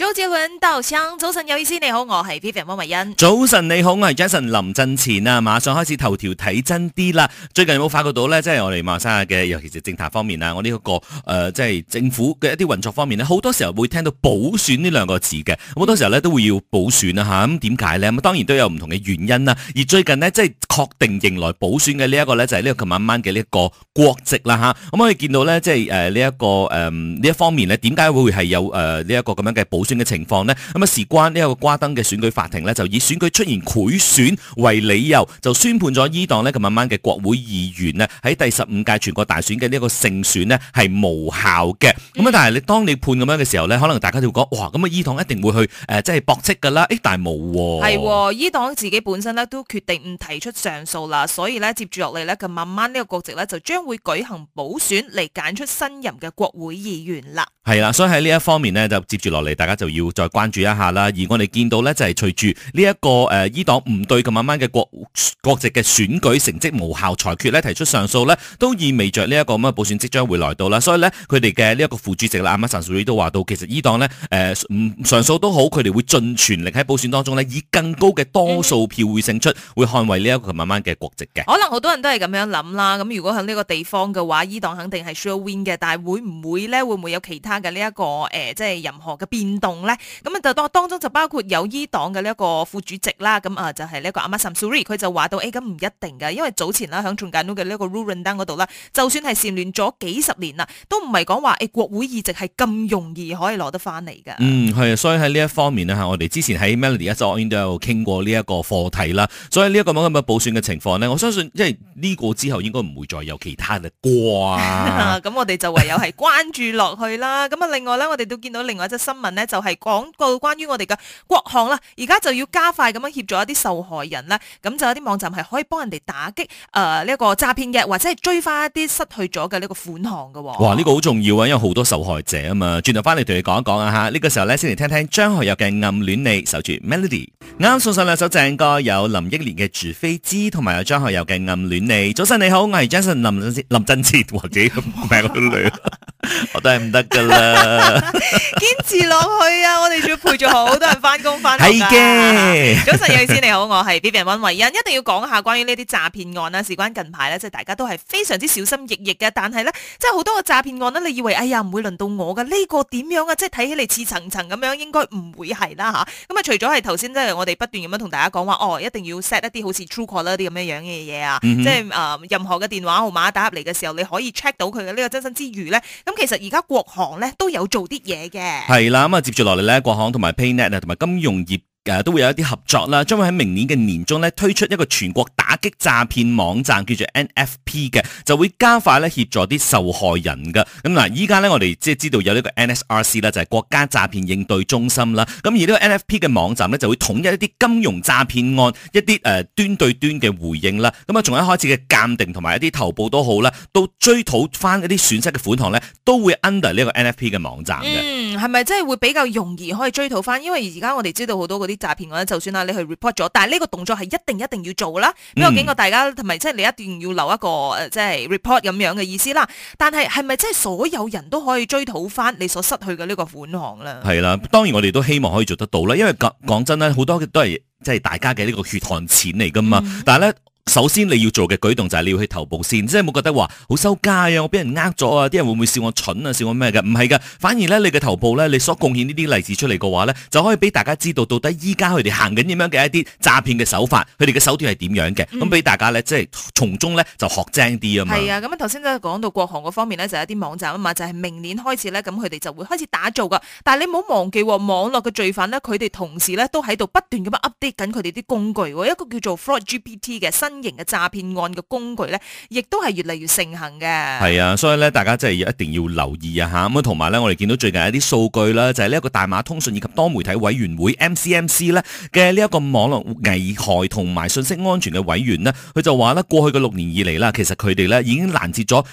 早早晨，道生早晨有意思，你好，我係 Pepa 溫慧欣。早晨你好，我係 Jason 林振前啊！馬上開始頭條睇真啲啦。最近有冇發覺到咧？即係我哋馬來西亞嘅，尤其是政壇方面啊，我呢、這、一個誒、呃，即係政府嘅一啲運作方面呢，好多時候會聽到補選呢兩個字嘅。咁好多時候咧都會要補選啊吓。咁點解呢，咁當然都有唔同嘅原因啦。而最近呢即係確定迎來補選嘅呢一個咧，就係、是、呢個琴晚晚嘅呢個國席啦吓。咁、啊嗯、可以見到咧，即係誒呢一個誒呢、呃、一方面咧，點解會係有誒呢一個咁樣嘅補選？嘅情況呢，咁啊事關呢個個瓜登嘅選舉法庭呢，就以選舉出現賄選為理由，就宣判咗伊黨呢。咁慢慢嘅國會議員呢，喺第十五屆全國大選嘅呢個個勝選咧係無效嘅。咁啊、嗯，但係你當你判咁樣嘅時候呢，可能大家就會講哇，咁啊伊黨一定會去即係、呃就是、駁斥㗎啦。誒，但係冇喎，係喎，伊黨自己本身呢都決定唔提出上訴啦。所以呢，接住落嚟呢，咁慢慢呢個國席呢，就將會舉行補選嚟揀出新任嘅國會議員啦。係啦，所以喺呢一方面呢，就接住落嚟，大家。就要再關注一下啦，而我哋見到咧就係、是、隨住呢一個誒，依、呃、黨唔對佢慢慢嘅國國籍嘅選舉成績無效裁決咧提出上訴咧，都意味着呢一個咁嘅補選即將會來到啦。所以咧，佢哋嘅呢一個副主席阿馬臣少宇都話到，其實依黨咧誒、呃、上訴都好，佢哋會盡全力喺補選當中呢，以更高嘅多數票會勝出，嗯、會捍衛呢一個慢慢嘅國籍嘅。可能好多人都係咁樣諗啦。咁如果喺呢個地方嘅話，依黨肯定係 sure win 嘅。但係會唔會咧？會唔會有其他嘅呢一個誒、呃，即係任何嘅變動咧，咁啊就當當中就包括有伊黨嘅呢一個副主席啦，咁啊就係、是、呢一個阿 Ahmad Samsuri，、so、佢就話到誒，咁、哎、唔一定噶，因為早前啦響仲緊嘅呢一個 Rwanda 嗰度啦，就算係戰亂咗幾十年啦，都唔係講話誒國會議席係咁容易可以攞得翻嚟噶。嗯，係啊，所以喺呢一方面呢，我哋之前喺 Melody 一早已經都有傾過呢一個課題啦。所以呢一個咁嘅補選嘅情況呢，我相信因為呢個之後應該唔會再有其他嘅瓜。咁、 啊、我哋就唯有係關注落去啦。咁啊，另外呢，我哋都見到另外一則新聞呢。」就係講到關於我哋嘅國行啦，而家就要加快咁樣協助一啲受害人咧，咁就有啲網站係可以幫人哋打擊誒呢一個詐騙嘅，或者係追翻一啲失去咗嘅呢個款項嘅、喔。哇、呢、這個好重要啊，因為好多受害者啊嘛。轉頭翻嚟，同你講一講啊吓，呢、這個時候咧先嚟，聽聽張學友嘅《暗戀你》守，守住 Melody。啱 啱樂送上兩首正歌，有林憶蓮嘅《住非知》同埋有張學友嘅《暗戀你》。早晨你好，我係 Jason 林真林振哲或者我都係唔得噶啦，堅持落去啊！ 我哋仲要陪住好多人翻工翻係嘅。早晨，有生你好，我係 David 温慧欣，一定要講下關於呢啲詐騙案啦。事關近排咧，即係大家都係非常之小心翼翼嘅。但係咧，即係好多嘅詐騙案咧，你以為哎呀唔會輪到我嘅呢、這個點樣啊？即係睇起嚟似層層咁樣，應該唔會係啦吓。咁啊，嗯、除咗係頭先即係我哋不斷咁樣同大家講話，哦，一定要 set 一啲好似 Truecaller 啲咁樣樣嘅嘢啊，嗯、哼即係誒、呃、任何嘅電話號碼打入嚟嘅時候，你可以 check 到佢嘅呢個真身之餘咧。咁其實而家國行咧都有做啲嘢嘅，係啦。咁啊，接住落嚟咧，國行同埋 PayNet 啊，同埋金融業。誒，都會有一啲合作啦，將會喺明年嘅年中咧推出一個全國打擊詐騙網站，叫做 NFP 嘅，就會加快咧協助啲受害人噶。咁嗱，依家咧我哋即係知道有呢個 NSRC 啦，就係國家詐騙應對中心啦。咁而呢個 NFP 嘅網站咧，就會統一一啲金融詐騙案，一啲誒端對端嘅回應啦。咁啊，從一開始嘅鑒定同埋一啲投報都好啦，都追討翻一啲損失嘅款項咧，都會 under 呢個 NFP 嘅網站嘅。嗯，係咪即係會比較容易可以追討翻？因為而家我哋知道好多個啲詐騙案，就算啊你去 report 咗，但係呢個動作係一定一定要做啦。畢竟我警告大家同埋即係你一定要留一個誒，即係 report 咁樣嘅意思啦。但係係咪即係所有人都可以追討翻你所失去嘅呢個款項咧？係啦，當然我哋都希望可以做得到啦。因為講講真咧，好多都係即係大家嘅，嗯、呢個血汗錢嚟噶嘛。但係咧。首先你要做嘅舉動就係你要去投報先，即係冇覺得話好羞家啊，我俾人呃咗啊，啲人會唔會笑我蠢啊，笑我咩嘅？唔係噶，反而咧你嘅投報咧，你所貢獻呢啲例子出嚟嘅話咧，就可以俾大家知道到底依家佢哋行緊點樣嘅一啲詐騙嘅手法，佢哋嘅手段係點樣嘅，咁俾、嗯、大家咧即係從中咧就學精啲啊嘛。係啊，咁啊頭先都講到國航嗰方面咧，就係、一啲網站啊嘛，就係、係、明年開始咧，咁佢哋就會開始打造噶。但係你唔好忘記、哦、網絡嘅罪犯咧，佢哋同時咧都喺度不斷咁樣 update 緊佢哋啲工具喎，一個叫做 Fraud GPT 嘅新型嘅詐騙案嘅工具咧，亦都係越嚟越盛行嘅。係啊，所以咧，大家真係一定要留意啊！吓，咁同埋咧，我哋見到最近一啲數據啦，就係呢一個大馬通訊以及多媒體委員會 MCMC 咧嘅呢一個網絡危害同埋信息安全嘅委員呢，佢就話咧，過去嘅六年以嚟啦，其實佢哋咧已經攔截咗二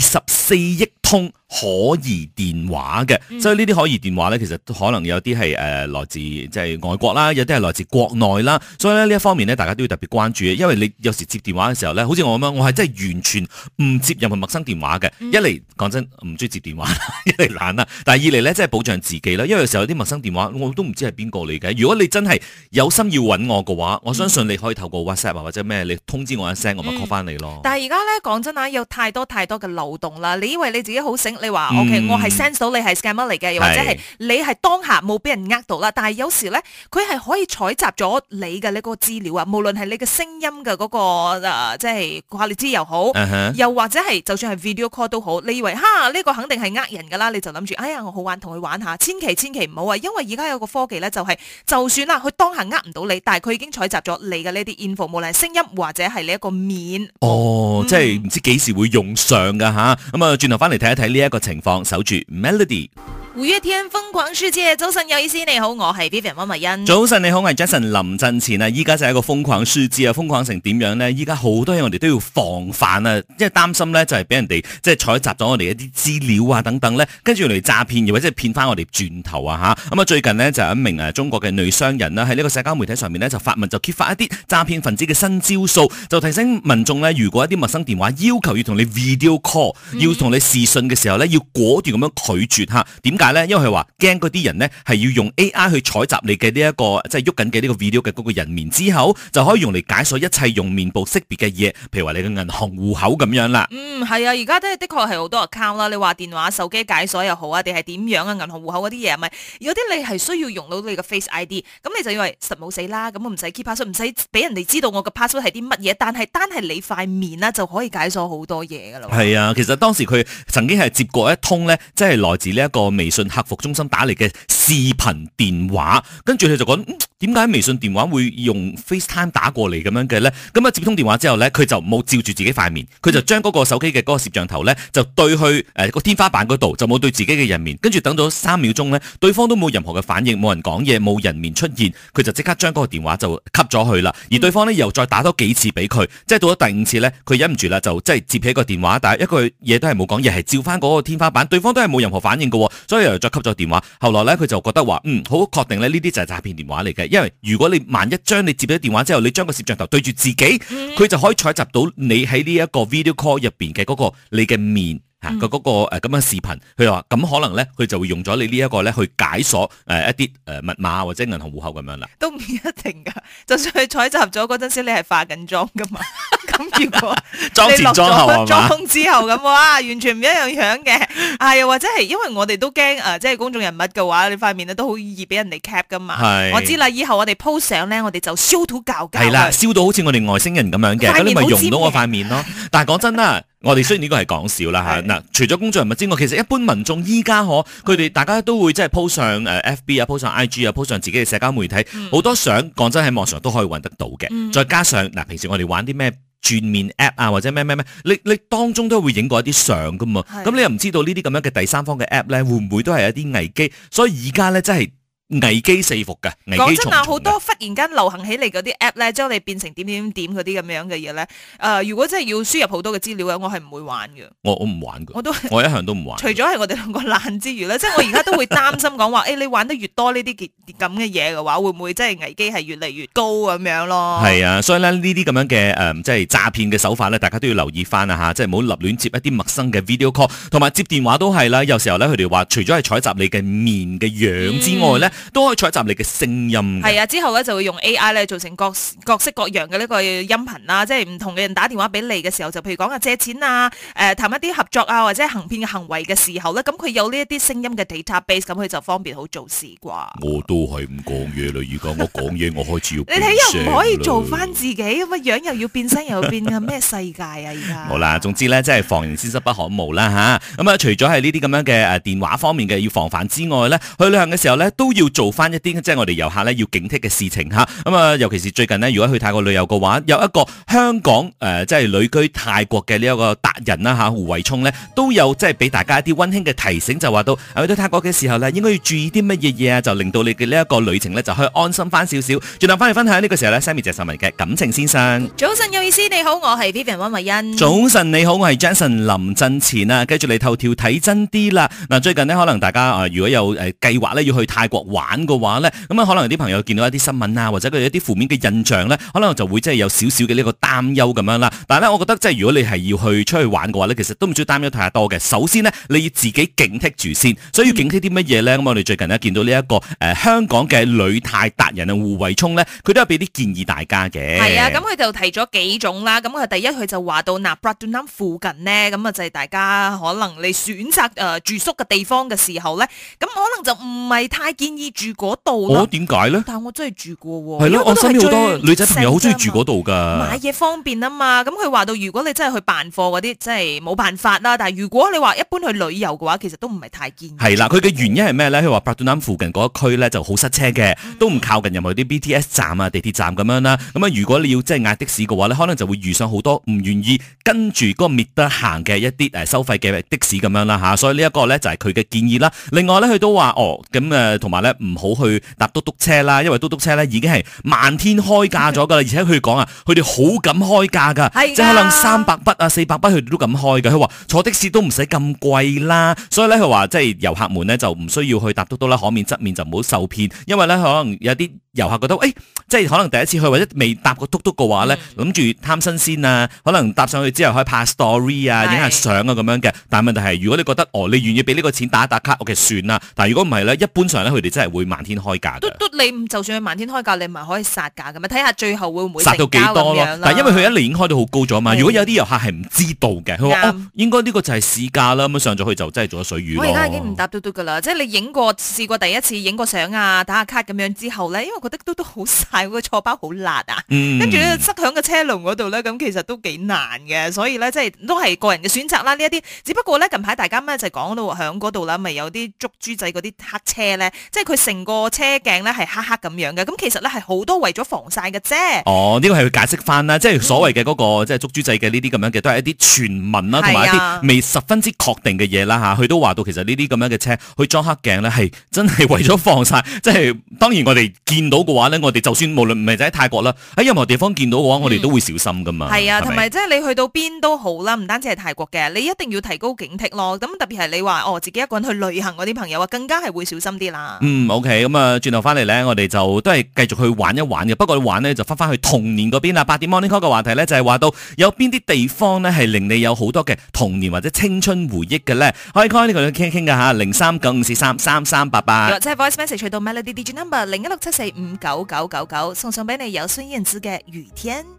十四億。通可疑電話嘅，嗯、所以呢啲可疑電話咧，其實可能有啲係誒來自即係外國啦，有啲係來自國內啦。所以呢一方面咧，大家都要特別關注，因為你有時接電話嘅時候咧，好似我咁樣，我係真係完全唔接任何陌生電話嘅。嗯、一嚟講真唔中意接電話， 一嚟懶啦，但係二嚟咧，即係保障自己啦，因為有時候有啲陌生電話我都唔知係邊個嚟嘅。如果你真係有心要揾我嘅話，嗯、我相信你可以透過 WhatsApp、啊、或者咩，你通知我一聲，我咪 call 翻你咯。嗯、但係而家咧講真啊，有太多太多嘅漏洞啦。你以為你自己好醒，你話 OK，我係 sense 到你係 scammer 嚟嘅，又或者係你係當下冇俾人呃到啦。但係有時咧，佢係可以採集咗你嘅呢個資料啊，無論係你嘅聲音嘅個誒，即係話你知又好，又或者係就算係 video call 都好。你以為吓呢、呢個肯定係呃人噶啦，你就諗住哎呀我好玩同佢玩下，千祈千祈唔好啊，因為而家有個科技咧就係、是、就算啦，佢當下呃唔到你，但係佢已經採集咗你嘅呢啲 information，無論係聲音或者係你一個面。哦，嗯、即係唔知幾時會用上噶吓，咁啊轉頭翻嚟睇。嗯睇睇呢一個情況，守住 melody。五月天瘋狂世界，早晨有意思，你好，我係 Vivian 温文欣。早晨你好，我係 Jason 林振前啊！依家就係一個瘋狂輸字啊，瘋狂成點樣呢？依家好多嘢我哋都要防範啊，即係擔心呢，就係俾人哋即係採集咗我哋一啲資料啊等等呢。跟住嚟詐騙，又或者騙翻我哋轉頭啊吓！咁啊，最近呢，就有一名誒中國嘅女商人啦，喺呢個社交媒體上面呢，就發文就揭發一啲詐騙分子嘅新招數，就提醒民眾呢，如果一啲陌生電話要求要同你 video call，要同你視訊嘅時候呢，要果斷咁樣拒絕吓，點解？因為佢話驚嗰啲人呢係要用 A.I. 去採集你嘅呢一個即係喐緊嘅呢個 video 嘅嗰個人面之後，就可以用嚟解鎖一切用面部識別嘅嘢，譬如話你嘅銀行戶口咁樣啦。嗯，係啊，而家都係的確係好多 account 啦。你話電話、手機解鎖又好啊，定係點樣啊？銀行戶口嗰啲嘢，咪有啲你係需要用到你個 Face ID，咁你就以為實冇死啦，咁唔使 k e e p o r d 唔使俾人哋知道我個 password 係啲乜嘢，但係單係你塊面咧就可以解鎖好多嘢噶啦。係啊，其實當時佢曾經係接過一通呢，即係來自呢一個微信。進客服中心打嚟嘅。視頻電話，跟住佢就講點解微信電話會用 FaceTime 打過嚟咁樣嘅呢？咁啊接通電話之後呢，佢就冇照住自己塊面，佢就將嗰個手機嘅嗰個攝像頭呢，就對去誒個、呃、天花板嗰度，就冇對自己嘅人面。跟住等到三秒鐘呢，對方都冇任何嘅反應，冇人講嘢，冇人面出現，佢就即刻將嗰個電話就吸咗去啦。而對方呢，又再打多幾次俾佢，即係到咗第五次呢，佢忍唔住啦，就即係接起個電話，但係一句嘢都係冇講嘢，係照翻嗰個天花板，對方都係冇任何反應嘅喎，所以又再吸咗電話。後來呢，佢就。我覺得話嗯好確定咧，呢啲就係詐騙電話嚟嘅，因為如果你萬一將你接咗電話之後，你將個攝像頭對住自己，佢、嗯、就可以採集到你喺呢一個 video call 入邊嘅個你嘅面。吓佢、嗯啊嗰個誒咁、呃、樣視頻，佢話咁可能咧，佢就會用咗你呢一個咧去解鎖誒、呃、一啲誒、呃、密碼或者銀行戶口咁樣啦。都唔一定噶，就算佢採集咗嗰陣時，你係化緊妝噶嘛。咁 如果 妝前妝後你落咗妝之後咁，哇， 完全唔一樣樣嘅。係、哎、又或者係，因為我哋都驚誒、呃，即係公眾人物嘅話，你塊面咧都好易俾人哋 cap 噶嘛。係的我知啦，以後我哋 post 相咧，我哋就燒土搞金。係啦，燒到好似我哋外星人咁樣嘅，咁你咪融到我塊面咯。但係講真啦。 我哋雖然呢個係講笑啦吓，嗱對、啊，除咗工作人物之外，其實一般民眾依家可佢哋大家都會即係鋪上誒 F B 啊 p 上 I G 啊 p 上自己嘅社交媒體，好、嗯、多相，講真喺網上都可以揾得到嘅。嗯、再加上嗱、啊，平時我哋玩啲咩轉面 app 啊，或者咩咩咩，你你當中都會影過一啲相噶嘛。咁的你又唔知道呢啲咁樣嘅第三方嘅 app 咧，會唔會都係一啲危機？所以而家咧真係。危機四伏嘅，講真啊，好多忽然間流行起嚟嗰啲 app 咧，將你變成點點點嗰啲咁樣嘅嘢咧。誒、呃，如果真係要輸入好多嘅資料嘅，我係唔會玩嘅。我我唔玩嘅。我都我一向都唔玩。除咗係我哋兩個懶之餘咧， 即係我而家都會擔心講話，誒、 哎，你玩得越多呢啲咁嘅嘢嘅話，會唔會即係危機係越嚟越高咁樣咯？係啊，所以咧呢啲咁樣嘅誒，即係詐騙嘅手法咧，大家都要留意翻啊吓，即係唔好立亂接一啲陌生嘅 video call，同埋接電話都係啦。有時候咧，佢哋話除咗係採集你嘅面嘅樣子之外咧。嗯都可以採集你嘅聲音。係啊，之後咧就會用 A.I. 咧做成各各式各樣嘅呢個音頻啦，即係唔同嘅人打電話俾你嘅時候，就譬如講啊借錢啊，誒談一啲合作啊，或者行騙嘅行為嘅時候咧，咁佢有呢一啲聲音嘅 data base，咁佢就方便好做事啩。我都係唔講嘢啦，如果我講嘢，我開始要變聲啦。你睇又唔可以做翻自己，乜樣又要變身又變啊？咩世界啊？而家好啦，總之咧，即係防人之心不可無啦吓。咁啊，除咗係呢啲咁樣嘅誒電話方面嘅要防範之外咧，去旅行嘅時候咧都要。要做翻一啲即係我哋遊客呢要警惕嘅事情，咁啊尤其是最近呢，如果去泰國旅遊嘅話，有一個香港、呃、即係旅居泰國嘅呢一個達人啦、啊、胡偉聰呢都有即係俾大家一啲温馨嘅提醒，就話到去到泰國嘅時候呢，應該要注意啲乜嘢嘢啊，就令到你嘅呢一個旅程呢就可以安心翻少少。轉頭翻嚟分享呢、這個時候呢 Sammy 鄭秀文嘅《感情先生》。早晨有意思，你好，我係 Vivian 温慧欣。早晨你好，我係 Jason 林振前啊，繼續嚟頭條睇真啲啦。嗱，最近呢，可能大家啊如果有計劃呢，要去泰國玩嘅話咧，咁啊可能有啲朋友見到一啲新聞啊，或者佢哋一啲負面嘅印象咧，可能就會即係有少少嘅呢個擔憂咁樣啦。但係咧，我覺得即係如果你係要去出去玩嘅話咧，其實都唔需要擔憂太多嘅。首先呢，你要自己警惕住先。所以要警惕啲乜嘢咧？咁、嗯、我哋最近呢，見到呢、這、一個誒、呃、香港嘅旅泰達人啊胡慧聰咧，佢都有俾啲建議大家嘅。係啊，咁佢就提咗幾種啦。咁佢第一佢就話到嗱，Pratunam 附近呢，咁啊就係大家可能你選擇誒、呃、住宿嘅地方嘅時候咧，咁可能就唔係太建議。住度我點解咧？哦、呢但我真係住過喎。係咯了，我、啊、身邊好多女仔朋友好中意住嗰度噶，買嘢方便啊嘛。咁佢話到，如果你真係去辦貨嗰啲，真係冇辦法啦。但係如果你話一般去旅遊嘅話，其實都唔係太建議。係啦，佢嘅原因係咩咧？佢話白緞巢附近嗰一區咧就好塞車嘅，嗯、都唔靠近任何啲 BTS 站啊、地鐵站咁樣啦。咁啊，如果你要即係嗌的士嘅話咧，可能就會遇上好多唔願意跟住嗰個滅得行嘅一啲誒收費嘅的,的士咁樣啦、啊、吓。所以呢一個咧就係佢嘅建議啦。另外咧，佢都話哦，咁誒同埋咧。唔好去搭嘟嘟車啦，因為嘟嘟車咧已經係漫天開價咗噶啦， 而且佢講啊，佢哋好敢開價噶，是的 即係可能三百筆啊、四百筆佢哋都敢開噶。佢話坐的士都唔使咁貴啦，所以咧佢話即係遊客們咧就唔需要去搭嘟嘟啦，可免則免就唔好受騙，因為咧可能有啲。遊客覺得誒、欸，即係可能第一次去或者未搭過嘟嘟嘅話咧，諗住、嗯、貪新鮮啊，可能搭上去之後可以拍 story 啊，影下相啊咁樣嘅。但問題係，如果你覺得哦，你願意俾呢個錢打一打卡，OK 算啦。但係如果唔係咧，一般上咧，佢哋真係會漫天開價的。嘟嘟，你就算佢漫天開價，你唔係可以殺價嘅咪？睇下最後會唔會殺到幾多咯？但因為佢一年已經開到好高咗嘛，的如果有啲遊客係唔知道嘅，佢話對哦，應該呢個就係市價啦，咁上咗去就真係做咗水魚。我而家已經唔搭嘟嘟噶啦，即係你影過試過第一次影過相啊，打下卡咁樣之後咧，我覺得都都好曬，個坐包好辣啊！跟住咧、嗯、塞響個車籠嗰度咧，咁其實都幾難嘅。所以咧，即係都係個人嘅選擇啦。呢一啲只不過咧，近排大家乜就講到響嗰度啦，咪有啲捉豬仔嗰啲黑車咧，即係佢成個車鏡咧係黑黑咁樣嘅。咁其實咧係好多為咗防曬嘅啫。哦，呢、這個係佢解釋翻啦，即係所謂嘅嗰、那個、嗯、即係捉豬仔嘅呢啲咁樣嘅，都係一啲傳聞啦，同埋、啊、一啲未十分之確定嘅嘢啦。吓、啊，佢都話到，其實呢啲咁樣嘅車去裝黑鏡咧，係真係為咗防曬。 即係當然我哋見。到嘅話咧，我哋就算無論唔係就喺泰國啦，喺任何地方見到嘅話，我哋都會小心噶嘛。係啊、嗯，同埋吧即係你去到邊都好啦，唔單止係泰國嘅，你一定要提高警惕咯。咁特別係你話哦，自己一個人去旅行嗰啲朋友啊，更加係會小心啲啦。嗯，OK，咁、嗯、啊，轉頭翻嚟呢，我哋就都係繼續去玩一玩嘅。不過玩呢，就翻翻去童年嗰邊啦。八點 Morning Call 嘅話題咧就係、是、話到有邊啲地方呢，係令你有好多嘅童年或者青春回憶嘅呢。可以 call 呢個傾一傾嘅吓，零三九五四三三三八八。即係 Voice Message 到 Melody Digital Number 零一六七四。五九九九九，送上俾你，有孫燕姿嘅雨天。